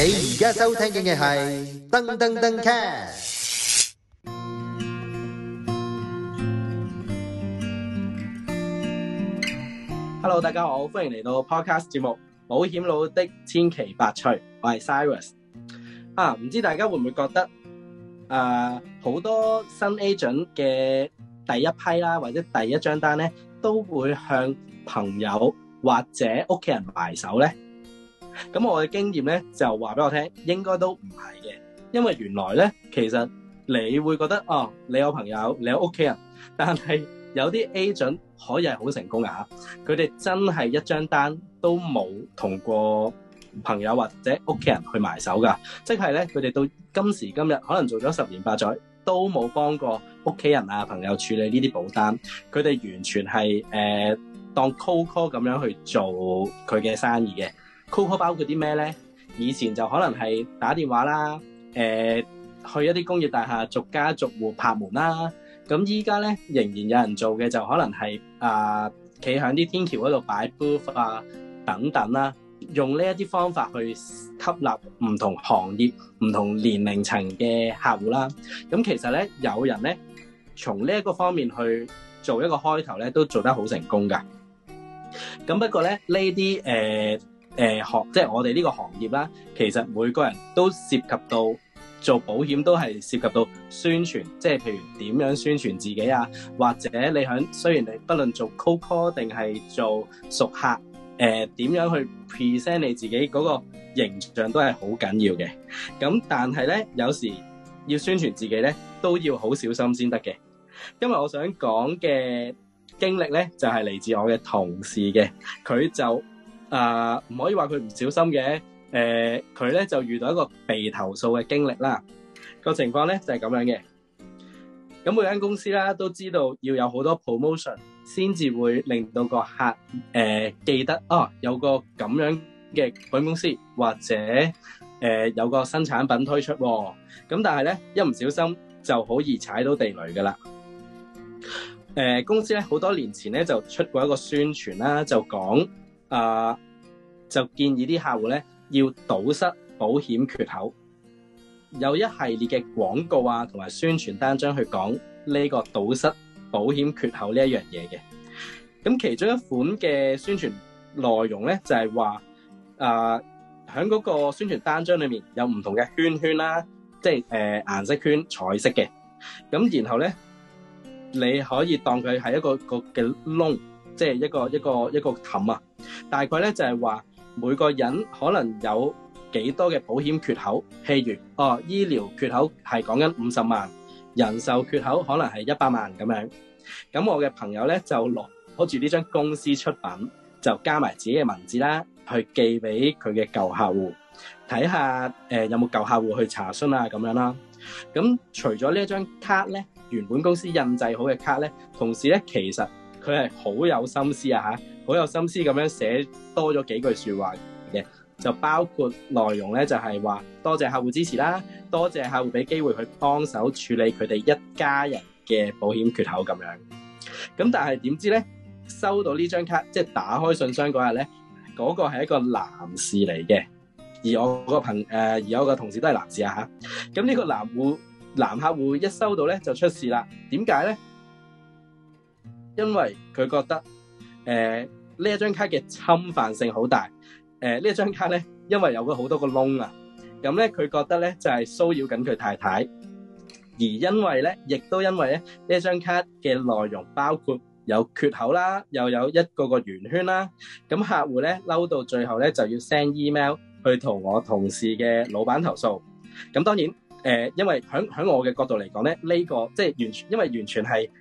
你而家收聽嘅係噔噔噔 cast。Hello，大家好，歡迎嚟到 Podcast 節目《保險佬的千奇百趣》，我係 Cyrus。啊，唔知大家會唔會覺得誒，好多新 agent 嘅第一批啦，或者第一張單咧，都會向朋友或者屋企人埋手咧。咁我嘅經驗咧就話俾我聽，應該都唔係嘅，因為原來咧其實你會覺得哦，你有朋友，你有屋企人，但係有啲 agent 可以係好成功噶佢哋真係一張單都冇同過朋友或者屋企人去埋手噶即係咧佢哋到今時今日，可能做咗十年八載，都冇幫過屋企人啊朋友處理呢啲保單，佢哋完全係誒、呃、當 call call 咁樣去做佢嘅生意嘅。CoCo 包括啲咩咧？以前就可能係打電話啦，誒、呃，去一啲工業大廈逐家逐戶拍門啦。咁依家咧仍然有人做嘅就可能係啊，企喺啲天橋嗰度擺 booth 啊等等啦，用呢一啲方法去吸納唔同行業、唔同年齡層嘅客戶啦。咁其實咧，有人咧從呢一個方面去做一個開頭咧，都做得好成功㗎。咁不過咧，呢啲誒。呃誒、呃、學即係我哋呢個行業啦，其實每個人都涉及到做保險，都係涉及到宣傳，即係譬如點樣宣傳自己啊，或者你響雖然你不論做 cold call 定係做熟客，誒、呃、點樣去 present 你自己嗰個形象都係好緊要嘅。咁但係咧，有時要宣傳自己咧都要好小心先得嘅。今日我想講嘅經歷咧，就係、是、嚟自我嘅同事嘅，佢就。誒，唔可以話佢唔小心嘅。誒、呃，佢咧就遇到一個被投訴嘅經歷啦。個情況咧就係、是、咁樣嘅。咁每間公司啦，都知道要有好多 promotion，先至會令到個客誒、呃、記得哦、啊，有個咁樣嘅本公司，或者誒、呃、有個新產品推出。咁但係咧，一唔小心就好易踩到地雷噶啦。誒、呃，公司咧好多年前咧就出過一個宣傳啦，就講。啊、uh，就建議啲客戶咧要堵塞保險缺口，有一系列嘅廣告啊，同埋宣傳單張去講呢個堵塞保險缺口呢一樣嘢嘅。咁其中一款嘅宣傳內容咧就係、是、話、uh, 啊，喺嗰個宣傳單張裏面有唔同嘅圈圈啦，即係誒顏色圈彩色嘅。咁然後咧，你可以當佢係一個一個嘅窿，即係一個一個一個氹啊。大概咧就係話每個人可能有幾多嘅保險缺口，譬如哦醫療缺口係講緊五十萬，人壽缺口可能係一百萬咁樣。咁我嘅朋友咧就攞住呢張公司出品，就加埋自己嘅文字啦，去寄俾佢嘅舊客戶睇下，誒、呃、有冇舊客戶去查詢啊咁樣啦。咁除咗呢一張卡咧，原本公司印製好嘅卡咧，同時咧其實。佢係好有心思啊，嚇，好有心思咁樣寫多咗幾句説話嘅，就包括內容咧，就係話多謝客戶支持啦，多謝客戶俾機會去幫手處理佢哋一家人嘅保險缺口咁樣。咁但係點知咧，收到呢張卡，即係打開信箱嗰日咧，嗰個係一個男士嚟嘅，而我個朋誒而我個同事都係男士啊，嚇。咁呢個男戶男客戶一收到咧就出事啦，點解咧？因為佢覺得，誒呢一張卡嘅侵犯性好大，誒呢一張卡咧，因為有咗好多個窿啊，咁咧佢覺得咧就係騷擾緊佢太太，而因為咧，亦都因為咧呢一張卡嘅內容包括有缺口啦，又有一個個圓圈啦，咁客戶咧嬲到最後咧就要 send email 去同我同事嘅老闆投訴，咁當然誒，因為響響我嘅角度嚟講咧，呢個即係完全，因為完全係。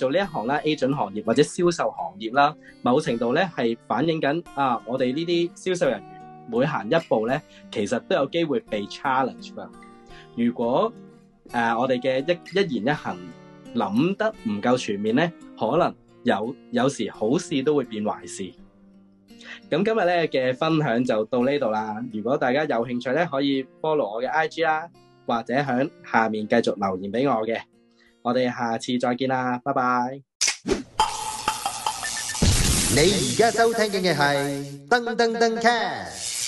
做呢一行啦，Agent 行業或者銷售行業啦，某程度咧，係反映緊啊，我哋呢啲銷售人員每行一步咧，其實都有機會被 challenge 啊！如果誒我哋嘅一一言一行諗得唔夠全面咧，可能有有時好事都會變壞事。咁今日咧嘅分享就到呢度啦。如果大家有興趣咧，可以 follow 我嘅 IG 啦，或者響下面繼續留言俾我嘅。我哋下次再見啦，拜拜！你而家收聽嘅係噔噔噔 cat